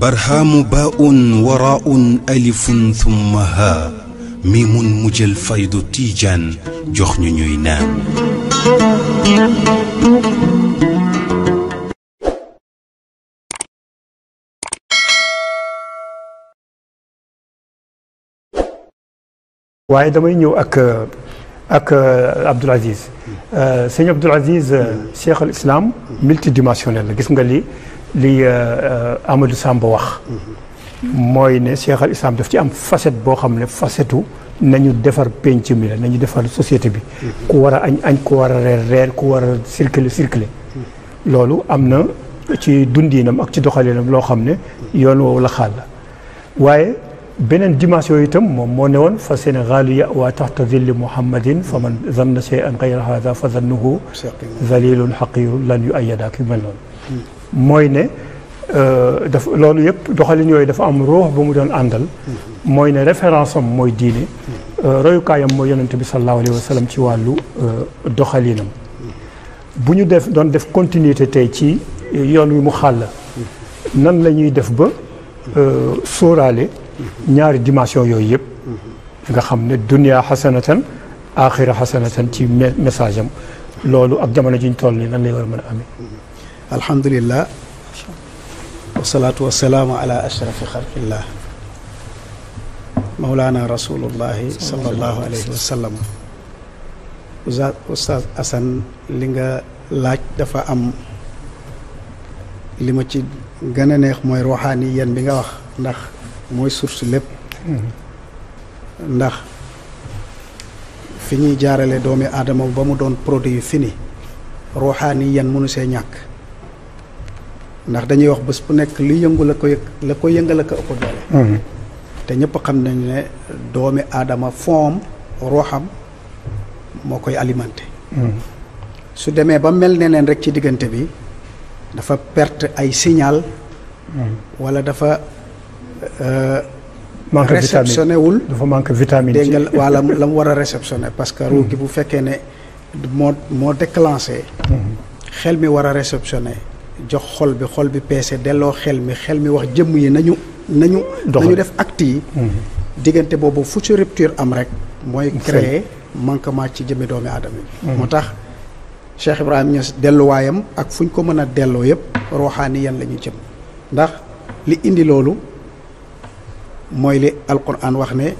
برهام باء وراء ألف ثم ها ميم مجل فيض تيجان جخن نينام waaye damay ñëw ak ak Abdoul Aziz sëñ Abdoul Aziz cheikh al islam multidimensionnel la gis nga lii li Amadou Samba wax mooy ne Cheikh al Islam daf ci am facette boo xam ne facette nañu defar penc mi la nañu defar société bi ku war a añ añ ku war a reer reer ku war a circuler circuler loolu am na ci dundiinam ak ci doxalinam loo xam ne yoon woowu la xaal la waaye beneen dimension itam moom moo ne woon fa sénégalu ya waa taxta zilli muhammadin fa man zanna shay'an ghayra hadha fa zannuhu zalilun haqirun lan yu ayada ki mel mooy ne euh, dafa loolu yëpp doxalin yooyu dafa am ruux bu mu doon àndal mooy ne référence am mooy diine euh, royukaayam mooy yonent bi sallallahu alayhi wa ci wàllu euh, doxalinam bu ñu def doon def continuité tey ci yoon wi mu xàll nan la ñuy def ba sóoraale ñaari dimension yooyu yëpp nga xam ne dunia xasanatan axira xasanatan ci message am loolu ak jamono ji ñu toll nii nan lay war a mën a amee alhamdulillah wasalaatu wasalaamu alaa ashrafi xalqillah maulana rasulullahi salallahu alayhi wa sallam oustaz asan li nga laaj dafa am li ma ci gën a neex mooy ruuxaani yéen bi nga wax ndax mooy source lépp ndax fi ñuy jaarale doomi aadama ba mu doon produit fini ruuxaani yéen mënu see ñàkk ndax dañuy wax bës bu nek li yëngu la ko yëg la ko yëngal ak ëpp doole hmm. té ñëpp xam nañu né doomi adama foom roham mo koy hmm su démé ba mel ne rek ci digënté bi dafa perte ay signal hmm. wala dafa euh, manque réceptionné wul dafa manque vitamine dégg nga wala lam wara war parce que ruu gi hmm. bu fekkee ne mo mo déclencher xel mi wara a jox xol bi xol bi peese delloo xel mi xel mi wax jëmm yi nañu nañu nañu def acte yi diggante boobu fu ci rupture am rek mooy créer manquement ci jëmmi doomi aadama yi moo tax Cheikh Ibrahima Niass delluwaayam ak fu ñu ko mën a delloo yëpp ruuxaani yan la ñu jëm ndax li indi loolu mooy li alquran wax ne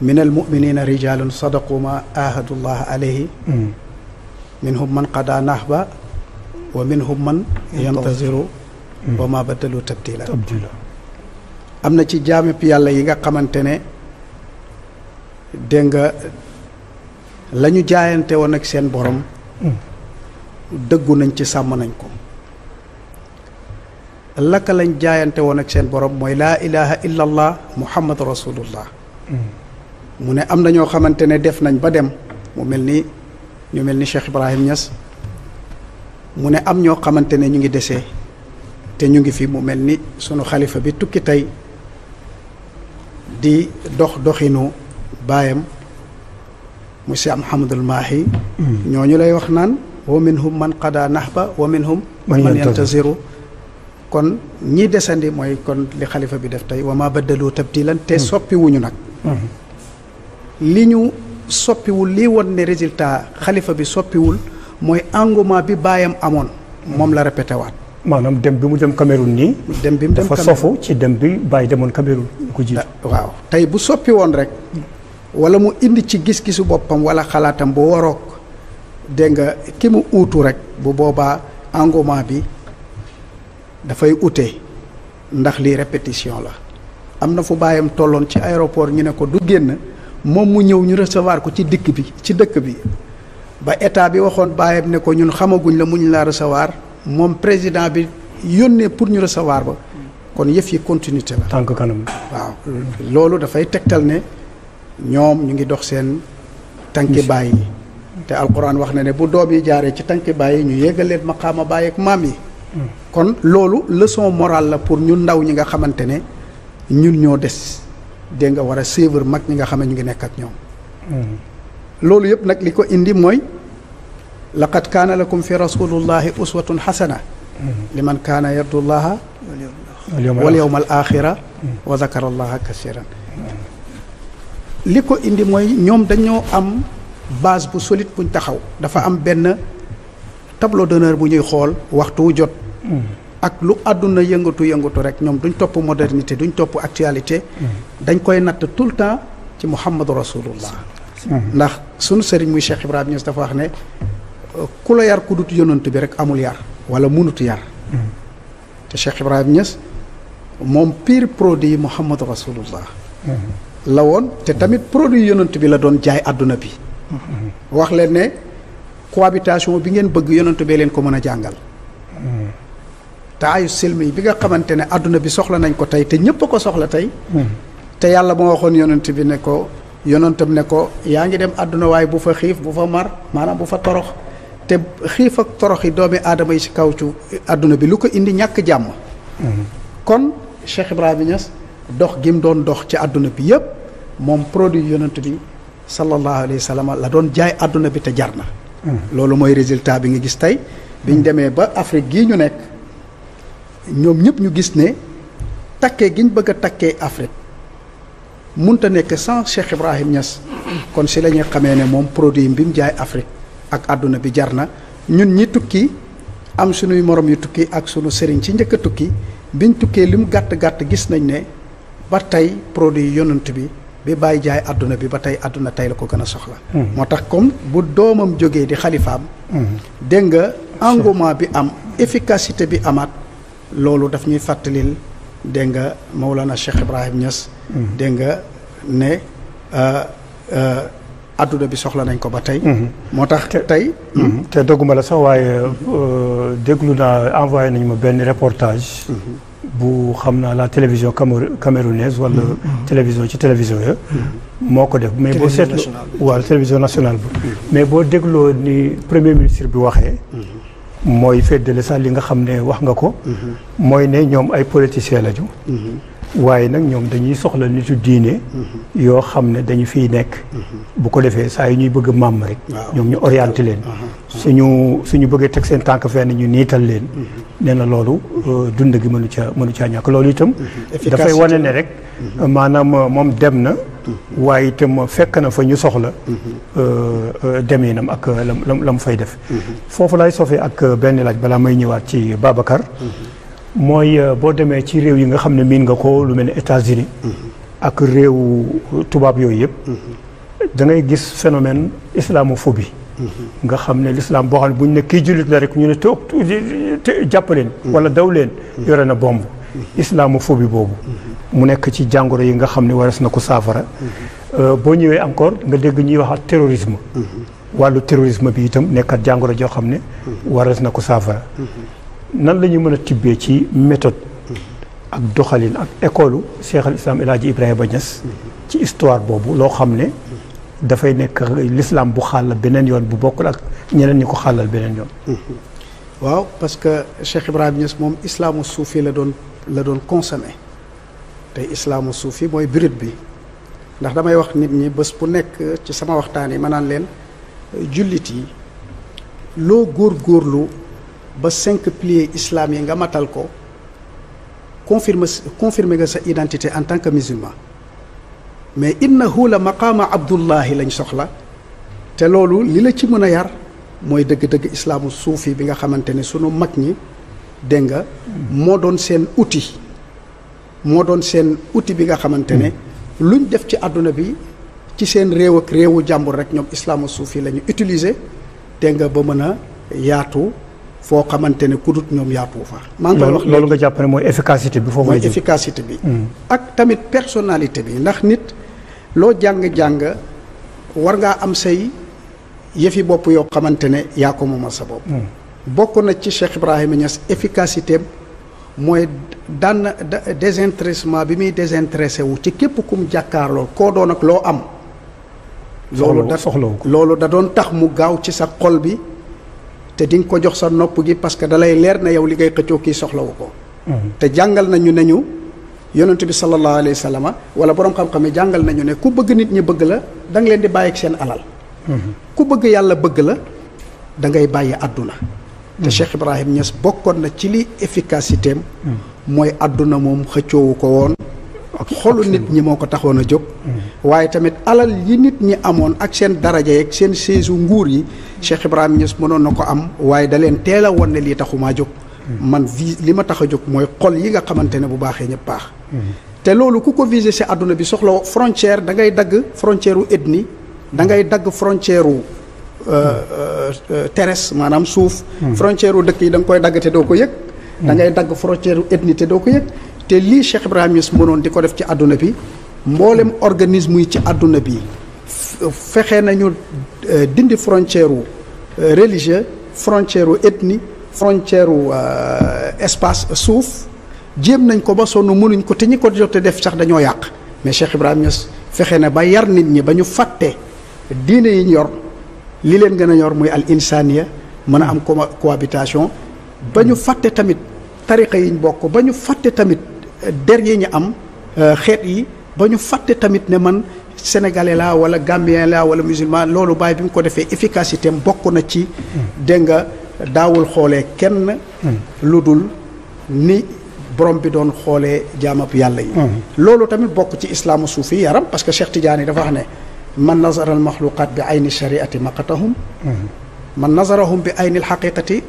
min almuminina rijalun sadaqu ma ahadu llah alayhi minhum man qada nahba wa minhum man yantaziru hmm. wa ma badalu tabdila am na ci jaamib yàlla yi nga xamante ne dégg nga la ñu jaayante woon ak seen borom hmm. dëggu nañ ci sàmm nañ ko lakk lañ jaayante woon ak seen borom mooy laa ilaha illa allah muhammad rasulullah hmm. mu ne am na ñoo xamante ne def nañ ba dem mu mel ni ñu mel ni Cheikh Ibrahim Niass mu ne am ñoo xamante ne ñu ngi desee te ñu ngi fi mu mel ni sunu xalifa bi tukki tey di dox doxinu baayam monsieur Mouhamadul ñoo ñu lay wax naan wa minhum man qada nahba wa minhum man yantaziru kon ñi desandi mooy kon li xalifa bi def tey wa ma baddalu tabdilan te hmm. soppiwuñu nag hmm. li ñu soppiwul lii woon ne résultat xalifa bi soppiwul mooy engouement bi bayam amon mom la répété waat maanaam dem bi mu dem Cameroun nii dem bi mu dem dafa sofu ci dem bi bàyyi demoon Cameroun ko jiitu ah, waaw tey bu soppi woon rek wala mu indi ci gis-gisu boppam wala xalaatam bu waroog dégg nga ki mu rek bu boba engouement bi dafay ute ndax li répétition la am na fu bàyyam tolloon ci aéroport ñu ne ko du génn moom mu ñëw ñu recevoir ko ci dikk bi ci dëkk bi ba état bi waxoon bàyyam ne ko ñun xamaguñ la muñ laa recevoir moom président bi yónnee pour ñu recevoir ba kon yëf yi continuité la. tànk kanam waaw loolu dafay tegtal ne ñoom ñu ngi dox seen. tànki bàyyi te te alquran wax na ne bu doom yi jaaree ci tànki bàyyi yi ñu yégaleen maqaama baay ak maam yi. Hmm. kon loolu leçon morale la pour ñun ndaw ñi nga xamante ne ñun ñoo des dégg nga war a suivre mag ñi nga xam ñu ngi nekk ak ñoom. Hmm. loolu yëpp nag li ko indi mooy. لقد كان لكم في رسول الله أسوة حسنة لمن كان يرجو الله واليوم, واليوم الآخرة وذكر الله كثيرا li ko indi mooy ñoom dañoo am base bu solide buñ taxaw dafa am benn tableau d'honneur bu ñuy xool waxtu wu jot ak lu àdduna yëngatu yëngatu rek ñoom duñ topp modernité duñ topp actualité dañ koy natt tout le temps ci muhammadu rasulullah ndax sunu sëriñ muy cheikh ibrahima ñes dafa wax ne ku la yar ku dut bi rek amul yar wala munut yar te Cheikh Ibrahim Niass moom pire produit Muhammad Rasulullah la woon te tamit produit yonant bi la doon jaay àdduna bi wax leen ne cohabitation bi ngeen bëgg yonant bee leen ko mën a jàngal te ayu silmi bi nga xamante ne àdduna bi soxla nañ ko tey te ñëpp ko soxla tey te yàlla moo waxoon yonant bi ne ko yonantam ne ko yaa ngi dem àdduna waaye bu fa xiif bu fa mar maanaam bu fa torox te xiif ak toroxi doomi aadama yi ci kaw ci àdduna bi lu ko indi ñàkk jàmm kon Cheikh Ibrahima Niass dox gi mu doon dox ci àdduna bi yépp moom produit yonent bi sallallahu alayhi wa la doon jaay àdduna bi te jar na loolu mooy résultat bi nga gis tey biñ demee ba Afrique gi ñu nekk ñoom ñëpp ñu gis ne takkee giñ bëgg a takkee Afrique munta nekk sans Cheikh Ibrahim ñas kon si la ñuy xamee ne moom produit bi mu jaay Afrique ak àdduna bi jar na ñun ñi tukki am sunuy morom yu tukki ak sunu sëriñ ci njëkk tukki biñ tukkee li mu gàtt gàtt gis nañ ne ba tey produit yonant bi bi bàyyi jaay àdduna bi ba tey àdduna tey la ko gën a soxla. Hmm. moo tax comme bu doomam jógee di xalifaam. Hmm. dégg nga engouement bi am efficacité bi amaat loolu daf ñuy fàttalil dégg nga Maulana Cheikh Ibrahim Niass. Hmm. dégg nga ne. Euh, euh, adduna bi soxla nañ ko ba tey. Mhm. moo tax tey. Mhm. te dogguma la sax waaye euh, déglu naa envoyé nañu ma benn reportage. Mhm. bu xam naa la télévision camerounaise wala télévision ci télévision ya moo ko def mais boo seetlu waaw télévision nationale bi mais boo dégloo ni premier ministre bi waxee mooy feddale sax li nga xam ne wax nga ko mooy ne ñoom ay politiciens lañu waaye nag ñoom dañuy soxla nitu diine mhm. yoo xam ne dañu fiy nekk mhm. bu ko defee saa yi ñuy bëgg a màmm rek ñoom ñu orienté leen mhm. suñu suñu bëggee teg seen tànk fenn ñu niital leen nee na loolu euh, dund gi mënu ca mënu caa ñàkk loolu itam dafay wane ne rek maanaam euh, moom dem na waaye itam fekk na fa ñu soxla euh, nam ak la mu fay def foofu laay sofee ak benn laaj balaa may ñëwaat ci Babacar mooy euh, boo demee ci réew yi nga xam ne miin nga ko lu mel ni États-Unis mhm. ak réew tubaab yooyu yëpp mhm. da ngay gis phénomène islamophobie mhm. nga xam ne l'islam boo xam ne bu ñu ne kii jullit la ñu ne toog jàpp leen wala daw leen yore na bomb islamophobie boobu mu nekk ci jàngoro yi nga xam ne waras na ko saafara euh, boo ñëwee encore nga dégg ñuy waxaat terrorisme wàllu terrorisme bi itam nekkat jàngoro joo xam ne waras na ko saafara nan lañu mëna mën ci méthode ak doxalin ak école Cheikh al Islam El ibrahim bagnas ci histoire bobu lo xamné da fay nek l'islam bu xàllal benen yoon bu bokul ak ñeneen ñi ko xalal benen yoon waaw parce que Cheikh ibrahim bagnas mom islam soufi la doon la doon consommé tay islam soufi moy birit bi ndax damay wax nit ñi bés bu nek ci sama waxtaan yi ma naan leen jullit yi loo ba cinq piliers islam yi nga matal ko confirme confirmer nga sa identité en tant que musulman mais innahu la maqama abdullah lañ soxla té loolu li la ci mëna yar moy deug deug islam soufi bi nga xamante suñu sunu mag ñi denga nga doon seen outil mo doon sen outil bi nga xamante luñ def ci aduna bi ci sen réew ak réewu rek ñom islam soufi utiliser denga nga ba mëna foo xamante ne kudut ñoom yàppoo fa. maa ngi koy wax loolu nga jàpp ne mooy efficacité bi. foofu mooy efficacité bi. Hmm. ak tamit personalité bi ndax nit loo jàng-jàng war ngaa am say yëfi bopp yoo xamante ne yaa ko moomal sa bopp. Hmm. bokk na ci Cheikh Ibrahima Niass efficacité mooy daan désintéressement bi muy désintéressé wu ci képp kum jàkkaarloo koo doon ak loo am. loolu da soxlaw ko loolu da doon tax mu gaaw ci sa xol bi. te di nga ko jox sa nopp gi parce que dalay leer na yow li ngay xëccoo kii soxlawu ko. te jàngal nañu ne ñu yonent bi sallallahu alayhi wa sallam wala borom xam-xam yi jàngal nañu ne ku bëgg nit ñi bëgg la da leen di bàyyi ak seen alal. ku bëgg yàlla bëgg la da ngay bàyyi àdduna. te Cheikh Ibrahim Niass bokkoon na ci li efficacité am. Mm. mooy àdduna moom xëccoowu ko woon. ak xolu nit ñi moo ko taxoon a jóg. Mm. waaye tamit alal yi nit ñi amoon ak seen daraja yeeg seen séesu nguur yi Cheikh Ibrahima Niass mënoon na ko am waaye da leen teel a woon ne lii taxumaa jóg. Mm. man vi li ma tax a jóg mooy xol yi nga xamante ne bu baaxee ñëpp baax. Mm. te loolu ku ko visé si àdduna bi soxla frontière da ngay dagg frontière u ethnie da ngay dagg frontière u euh, euh, euh, terrestre maanaam suuf. frontière u dëkk yi da nga koy dagg te doo ko yëg. da ngay dagg frontière u ethnie te doo ko yëg. te lii Cheikh Ibrahima Niass mënoon di ko def ci àdduna bi mbooleem organisme yi ci àdduna bi fexe nañu euh, dindi frontière wu euh, religieux frontière wu ethnie frontière wu euh, espace suuf jéem nañ ko ba sonn mënuñ ko te ñi ko jote def sax dañoo yàq mais Cheikh Ibrahima fexe na ba yar nit ñi ba ñu fàtte diine yi ñu yor li leen gën a ñor muy al insaniya mën a am cohabitation ba ñu fàtte tamit tariqa yi ñu bokk ba ñu fàtte tamit dernier ñi am xet yi bañu faté tamit ne man sénégalais la wala gambien la wala musulman lolu bay bi ko défé efficacité am na ci dénga dawul xolé kenn ludul ni borom bi doon xolé jaamab yàlla yi lolu tamit bokku ci islam soufi yaram parce que Cheikh Tidiane dafa wax ne man nazara al maxluqaat bi ayni shariati maqatahum man nazarahum bi ayni al xaqiqati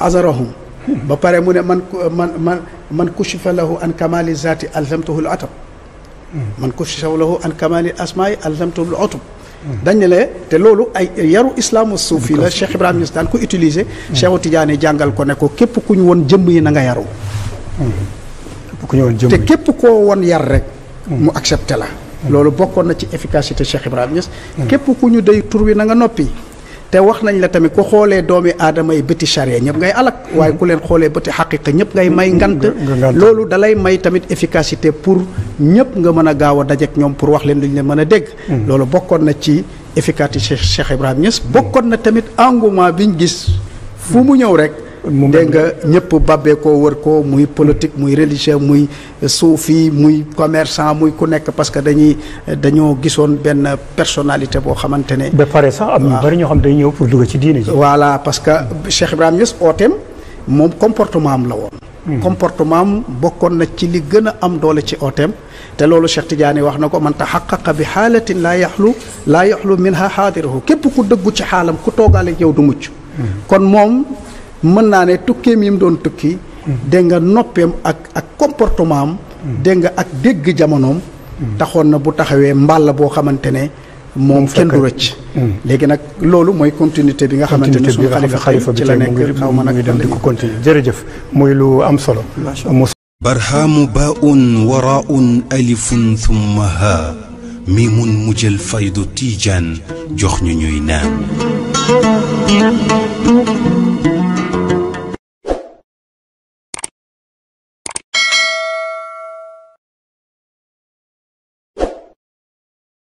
azarahum ba pare mu ne man man man man kushifa lahu an kamali zati alzamtuhu al atab man kushifa lahu an kamali asmaai alzamtuhu al utub dañ ne la te loolu ay yaru islaamu suufi la Cheikh Ibrahima Niass ko utiliser Cheikhu Tidiane jàngal ko ne ko képp ku ñu woon jëmm yi na nga yaru képp ku ñu woon jëmm te képp koo woon yar rek mu accepté la loolu bokkoon na ci efficacité Cheikh Ibrahima Niass képp ku ñu day wi na nga noppi te wax nañ la tamit ku xoolee doomi aadama yi bëti charia ñëpp ngay alak waaye ku leen xoolee bëti xaqiqa ñëpp ngay may ngant loolu dalay may tamit efficacité pour ñëpp nga mën a gaaw a dajeek ñoom pour wax leen lu ñu leen mën a dégg hmm. loolu bokkoon na ci efficacité Cheikh Ibrahima Niass bokkoon na tamit engouement biñ gis fu mu ñëw rek dégg nga ñëpp babbee koo wër ko muy politique muy religieux muy suufi muy commerçant muy ku nekk parce que dañuy dañoo gisoon benn personnalité boo xamante ne. ba pare sax am na ah. bari ñoo xam dañuy ñëw pour dugg ci diine ji. voilà parce que Cheikh Ibrahima moom comportement am la woon. Hmm. comportement am bokkoon na ci li gën a am doole ci ooteem te loolu Cheikh Tidiane wax na ko man taxaqaqa bi xaalatin laa yaxlu laa yaxlu minha xaadiruhu képp ku dëggu ci xaalam ku toogaale yow du mucc hmm. mën naa ne tukkeem yi mu doon tukki dégg nga noppeem ak ak comportement am dégg nga ak dégg jamonoom taxoon na bu taxawee mbàll boo xamante ne moom kenn du léegi nag loolu mooy continuité bi nga xamante ne suñu xalifa bi ci la nekk xaw ma nag dem ko continuer jërëjëf muy lu am solo barhaamu baun waraun alifun thumma ha mi mun mujjël faydu tiijaan jox ñu ñuy naan